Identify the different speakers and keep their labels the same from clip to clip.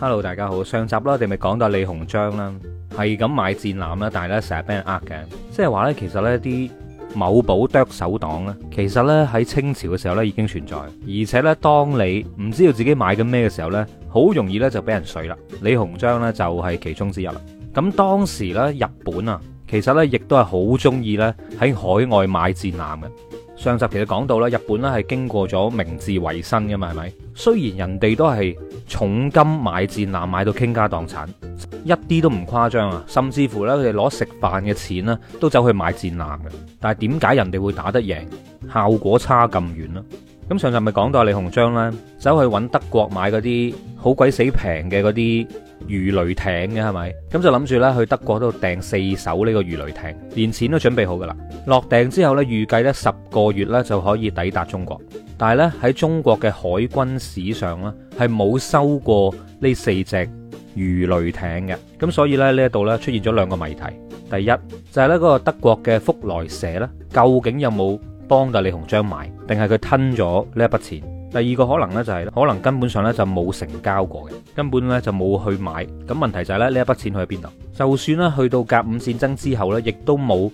Speaker 1: Hello，大家好。上集啦，我哋咪講到李鴻章啦，係咁買戰艦啦，但係咧成日俾人呃嘅，即係話呢，其實呢啲某寶剁手黨呢，其實呢喺清朝嘅時候呢已經存在，而且呢，當你唔知道自己買緊咩嘅時候呢，好容易呢就俾人水啦。李鴻章呢就係其中之一啦。咁當時呢，日本啊，其實呢亦都係好中意呢喺海外買戰艦嘅。上集其實講到啦，日本咧係經過咗明治維新㗎嘛，係咪？雖然人哋都係重金買戰艦，買到傾家蕩產，一啲都唔誇張啊！甚至乎咧，佢哋攞食飯嘅錢啦，都走去買戰艦嘅。但係點解人哋會打得贏，效果差咁遠咧？咁上集咪講到李鴻章咧，走去搵德國買嗰啲好鬼死平嘅嗰啲。魚雷艇嘅係咪？咁就諗住呢去德國度訂四艘呢個魚雷艇，連錢都準備好噶啦。落訂之後呢，預計呢十個月呢就可以抵達中國。但係呢，喺中國嘅海軍史上呢，係冇收過呢四隻魚雷艇嘅。咁所以咧，呢一度呢出現咗兩個謎題。第一就係呢嗰個德國嘅福來社呢，究竟有冇幫到李鴻章買，定係佢吞咗呢一筆錢？第二個可能呢，就係可能根本上呢，就冇成交過嘅，根本呢，就冇去買。咁問題就係咧，呢一筆錢去喺邊度？就算咧，去到甲午戰爭之後呢，亦都冇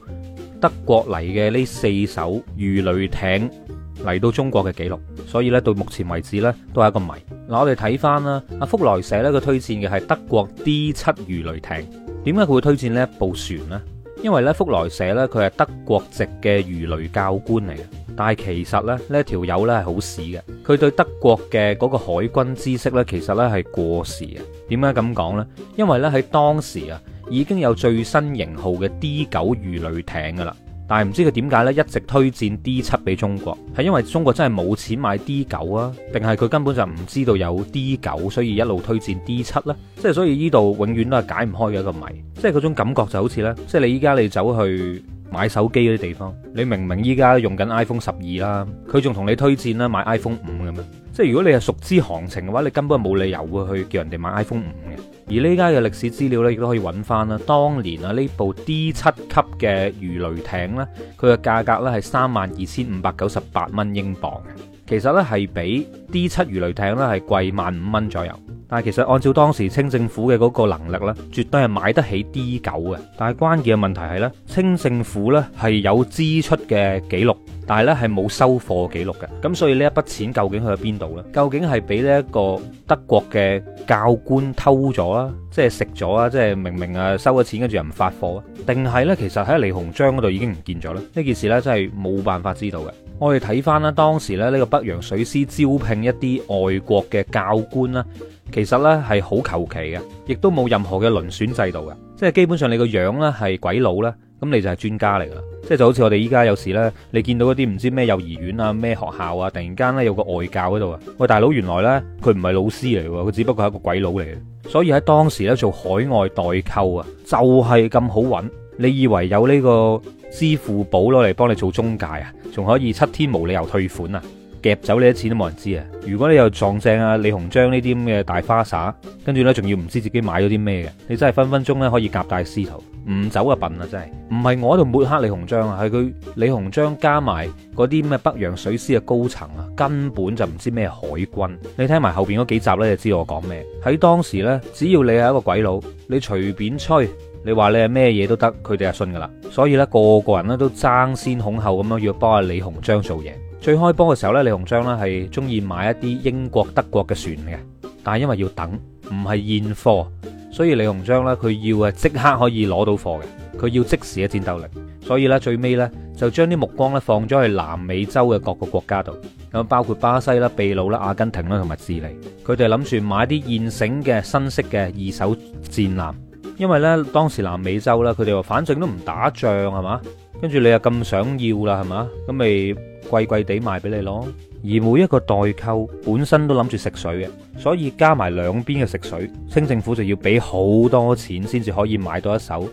Speaker 1: 德國嚟嘅呢四艘魚雷艇嚟到中國嘅記錄。所以呢，到目前為止呢，都係一個謎。嗱、啊，我哋睇翻啦，阿福來社呢，佢推薦嘅係德國 D 七魚雷艇。點解佢會推薦呢一部船呢？因為呢，福來社呢，佢係德國籍嘅魚雷教官嚟嘅。但係其實咧，呢一條友呢係好屎嘅，佢對德國嘅嗰個海軍知識呢，其實呢係過時嘅。點解咁講呢？因為呢，喺當時啊，已經有最新型號嘅 D 九魚雷艇噶啦，但係唔知佢點解呢，一直推薦 D 七俾中國，係因為中國真係冇錢買 D 九啊，定係佢根本就唔知道有 D 九，所以一路推薦 D 七呢？即係所以呢度永遠都係解唔開嘅一個謎，即係嗰種感覺就好似呢，即係你依家你走去。買手機嗰啲地方，你明明依家用緊 iPhone 十二啦，佢仲同你推薦啦買 iPhone 五咁樣，即係如果你係熟知行情嘅話，你根本係冇理由會去叫人哋買 iPhone 五嘅。而呢家嘅歷史資料呢，亦都可以揾翻啦。當年啊，呢部 D 七級嘅魚雷艇呢，佢嘅價格呢係三萬二千五百九十八蚊英鎊，其實呢，係比 D 七魚雷艇呢係貴萬五蚊左右。但係，其實按照當時清政府嘅嗰個能力呢絕對係買得起 D 九嘅。但係關鍵嘅問題係呢清政府呢係有支出嘅記錄，但係呢係冇收貨記錄嘅。咁所以呢一筆錢究竟去咗邊度呢？究竟係俾呢一個德國嘅教官偷咗啦，即係食咗啦，即係明明啊收咗錢，跟住又唔發貨啊，定係呢？其實喺李鴻章嗰度已經唔見咗呢？呢件事呢真係冇辦法知道嘅。我哋睇翻呢當時呢呢、這個北洋水師招聘一啲外國嘅教官啦。其實咧係好求其嘅，亦都冇任何嘅輪選制度嘅，即係基本上你個樣咧係鬼佬咧，咁你就係專家嚟噶啦，即係就好似我哋依家有時呢，你見到一啲唔知咩幼兒園啊咩學校啊，突然間咧有個外教喺度啊，喂，大佬原來呢，佢唔係老師嚟喎，佢只不過係一個鬼佬嚟嘅。所以喺當時呢，做海外代購啊就係咁好揾，你以為有呢個支付寶攞嚟幫你做中介啊，仲可以七天無理由退款啊？夾走你啲錢都冇人知啊！如果你又撞正啊李鴻章呢啲咁嘅大花灑，跟住呢仲要唔知自己買咗啲咩嘅，你真係分分鐘呢可以夾帶私逃，唔走啊笨啊真係！唔係我喺度抹黑李鴻章啊，係佢李鴻章加埋嗰啲咩北洋水師嘅高層啊，根本就唔知咩海軍。你聽埋後邊嗰幾集咧你就知我講咩。喺當時呢，只要你係一個鬼佬，你隨便吹，你話你係咩嘢都得，佢哋就信噶啦。所以呢，個個人呢都爭先恐後咁樣要幫阿李鴻章做嘢。最開波嘅時候呢，李鴻章呢係中意買一啲英國、德國嘅船嘅，但係因為要等，唔係現貨，所以李鴻章呢，佢要啊即刻可以攞到貨嘅，佢要即時嘅戰鬥力，所以呢，最尾呢，就將啲目光呢放咗去南美洲嘅各個國家度，咁包括巴西啦、秘魯啦、阿根廷啦同埋智利，佢哋諗住買啲現成嘅新式嘅二手戰艦，因為呢，當時南美洲呢，佢哋話反正都唔打仗係嘛。跟住你又咁想要啦，係嘛？咁咪貴貴地賣俾你咯。而每一個代購本身都諗住食水嘅，所以加埋兩邊嘅食水，清政府就要俾好多錢先至可以買到一手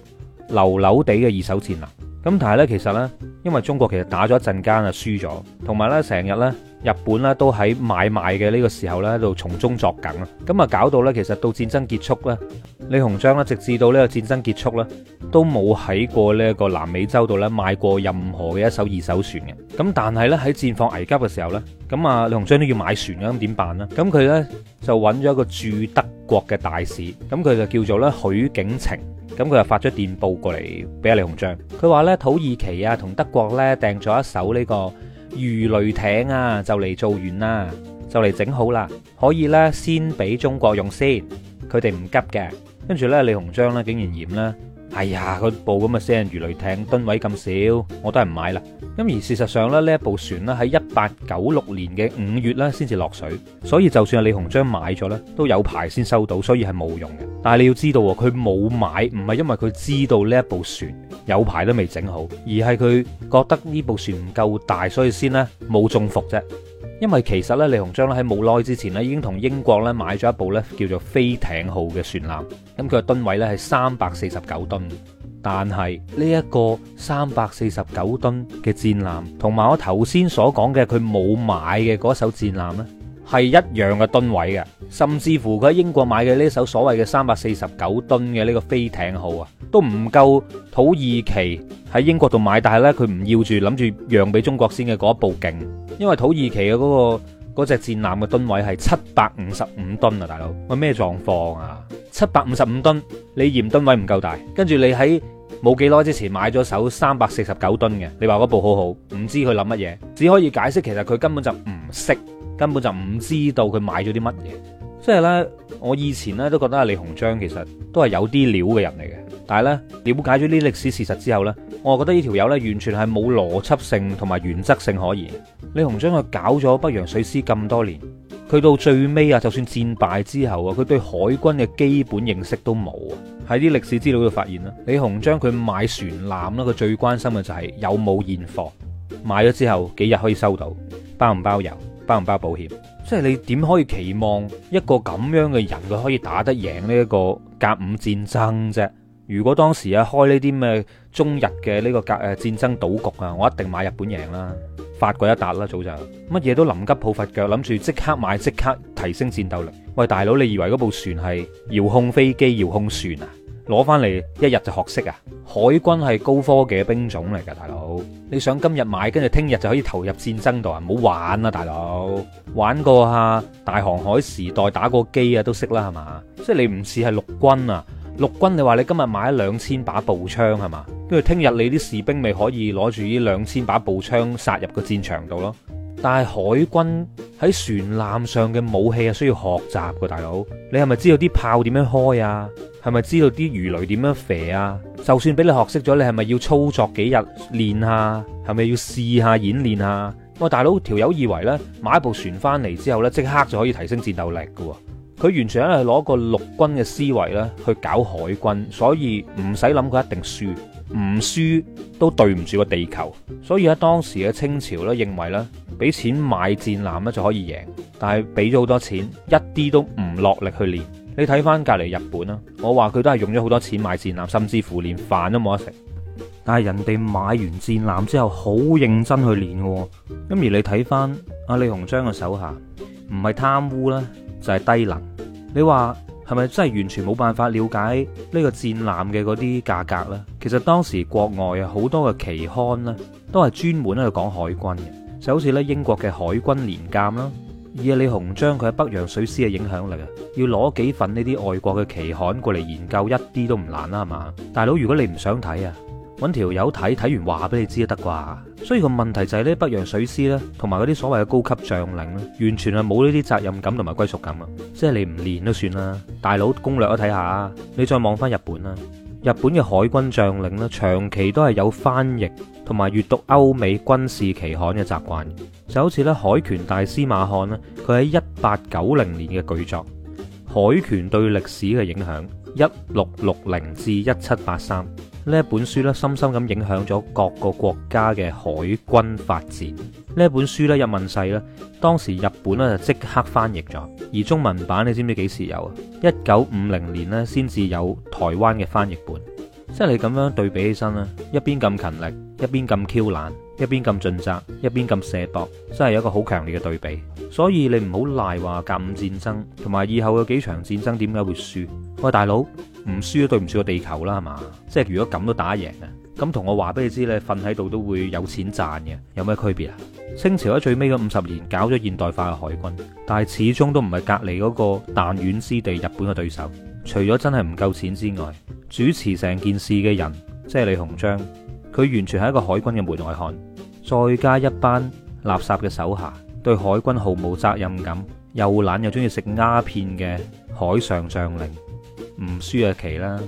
Speaker 1: 流流地嘅二手賤樓。咁但係咧，其實呢因為中國其實打咗一陣間啊，輸咗，同埋呢成日呢日本呢都喺買賣嘅呢個時候呢度從中作梗啊。咁啊，搞到呢其實到戰爭結束呢李鴻章呢直至到呢個戰爭結束呢都冇喺過呢個南美洲度呢買過任何嘅一艘二手船嘅。咁但係呢，喺戰況危急嘅時候呢，咁啊，李鴻章都要買船，咁點辦呢？咁佢呢就揾咗一個駐德國嘅大使，咁佢就叫做呢許景澄。咁佢又發咗電報過嚟俾阿李鴻章，佢話呢，土耳其啊同德國呢訂咗一艘呢個魚雷艇啊，就嚟做完啦，就嚟整好啦，可以呢先俾中國用先，佢哋唔急嘅。跟住呢，李鴻章呢竟然嫌啦。哎呀，嗰部咁嘅四人魚雷艇，噸位咁少，我都係唔買啦。咁而事實上咧，呢一部船呢，喺一八九六年嘅五月呢先至落水，所以就算係李鴻章買咗呢，都有排先收到，所以係冇用嘅。但係你要知道，佢冇買唔係因為佢知道呢一部船有排都未整好，而係佢覺得呢部船唔夠大，所以先呢冇中伏啫。因為其實咧，李鴻章咧喺冇耐之前咧，已經同英國咧買咗一部咧叫做飛艇號嘅船艦，咁佢嘅噸位咧係三百四十九噸，但係呢一個三百四十九噸嘅戰艦，同埋我頭先所講嘅佢冇買嘅嗰艘戰艦咧。係一樣嘅噸位嘅，甚至乎佢喺英國買嘅呢艘所謂嘅三百四十九噸嘅呢個飛艇號啊，都唔夠土耳其喺英國度買，但係呢佢唔要住諗住讓俾中國先嘅嗰一步勁，因為土耳其嘅嗰個嗰隻戰艦嘅噸位係七百五十五噸啊，大佬，我咩狀況啊？七百五十五噸，你嫌噸位唔夠大，跟住你喺。冇幾耐之前買咗手三百四十九噸嘅，你話嗰部好好，唔知佢諗乜嘢，只可以解釋其實佢根本就唔識，根本就唔知道佢買咗啲乜嘢。即係呢，我以前呢都覺得李鴻章其實都係有啲料嘅人嚟嘅，但係呢，了解咗啲歷史事實之後呢，我啊覺得呢條友呢完全係冇邏輯性同埋原則性可言。李鴻章佢搞咗北洋水師咁多年。去到最尾啊，就算戰敗之後啊，佢對海軍嘅基本認識都冇啊！喺啲歷史資料度發現啦，李鴻章佢買船艦啦，佢最關心嘅就係有冇現貨，買咗之後幾日可以收到，包唔包郵，包唔包保險？即係你點可以期望一個咁樣嘅人，佢可以打得贏呢一個甲午戰爭啫？如果當時啊，開呢啲咩中日嘅呢個格誒戰爭賭局啊，我一定買日本贏啦，發過一達啦，早就乜嘢都臨急抱佛腳，諗住即刻買即刻提升戰鬥力。喂，大佬，你以為嗰部船係遙控飛機、遙控船啊？攞翻嚟一日就學識啊？海軍係高科技嘅兵種嚟㗎，大佬，你想今日買，跟住聽日就可以投入戰爭度啊？唔好玩啊，大佬，玩過下大航海時代打過機啊，都識啦，係嘛？即係你唔似係陸軍啊？陸軍，你話你今日買咗兩千把步槍係嘛？跟住聽日你啲士兵咪可以攞住呢兩千把步槍殺入個戰場度咯。但係海軍喺船艦上嘅武器係需要學習㗎，大佬。你係咪知道啲炮點樣開啊？係咪知道啲魚雷點樣肥啊？就算俾你學識咗，你係咪要操作幾日練下？係咪要試下演練下？我大佬條友以為呢，買一部船翻嚟之後呢，即刻就可以提升戰鬥力嘅。佢完全咧係攞個陸軍嘅思維咧去搞海軍，所以唔使諗佢一定輸，唔輸都對唔住個地球。所以喺當時嘅清朝咧，認為咧俾錢買戰艦咧就可以贏，但係俾咗好多錢，一啲都唔落力去練。你睇翻隔離日本啦，我話佢都係用咗好多錢買戰艦，甚至乎連飯都冇得食。但係人哋買完戰艦之後，好認真去練嘅、啊。咁而你睇翻阿李鴻章嘅手下，唔係貪污咧，就係、是、低能。你話係咪真係完全冇辦法了解呢個戰艦嘅嗰啲價格呢？其實當時國外啊好多嘅期刊咧，都係專門喺度講海軍嘅，就好似咧英國嘅海軍年鑑啦。而李鴻章佢喺北洋水師嘅影響力，要攞幾份呢啲外國嘅期刊過嚟研究，一啲都唔難啦，係嘛？大佬，如果你唔想睇啊？揾條友睇，睇完話俾你知得啩。所以個問題就係呢，北洋水師咧，同埋嗰啲所謂嘅高級將領咧，完全係冇呢啲責任感同埋歸屬感啊！即係你唔練都算啦，大佬攻略都睇下啊！你再望翻日本啦，日本嘅海軍將領呢，長期都係有翻譯同埋閲讀歐美軍事期刊嘅習慣。就好似咧海權大師馬漢咧，佢喺一八九零年嘅巨作《海權對歷史嘅影響》一六六零至一七八三。呢一本書咧，深深咁影響咗各個國家嘅海軍發展。呢一本書咧，一問世咧，當時日本咧就即刻翻譯咗，而中文版你知唔知幾時有啊？一九五零年咧先至有台灣嘅翻譯本。即係你咁樣對比起身咧，一邊咁勤力，一邊咁 Q 懶，一邊咁盡責，一邊咁卸膊，真係有一個好強烈嘅對比。所以你唔好賴話甲午戰爭，同埋以後有幾場戰爭點解會輸？喂，大佬！唔輸都對唔住個地球啦，係嘛？即係如果咁都打贏呀，咁同我話俾你知咧，瞓喺度都會有錢賺嘅，有咩區別啊？清朝喺最尾嗰五十年搞咗現代化嘅海軍，但係始終都唔係隔離嗰個彈丸之地日本嘅對手。除咗真係唔夠錢之外，主持成件事嘅人即係李鴻章，佢完全係一個海軍嘅門外漢，再加一班垃圾嘅手下，對海軍毫無責任感，又懶又中意食鴉片嘅海上將領。唔輸嘅棋啦，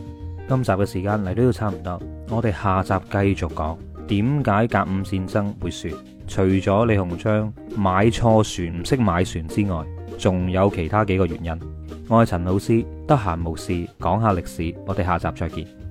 Speaker 1: 今集嘅時間嚟到都差唔多，我哋下集繼續講點解甲午戰爭會輸，除咗李鴻章買錯船唔識買船之外，仲有其他幾個原因。我係陳老師，得閒無事講下歷史，我哋下集再見。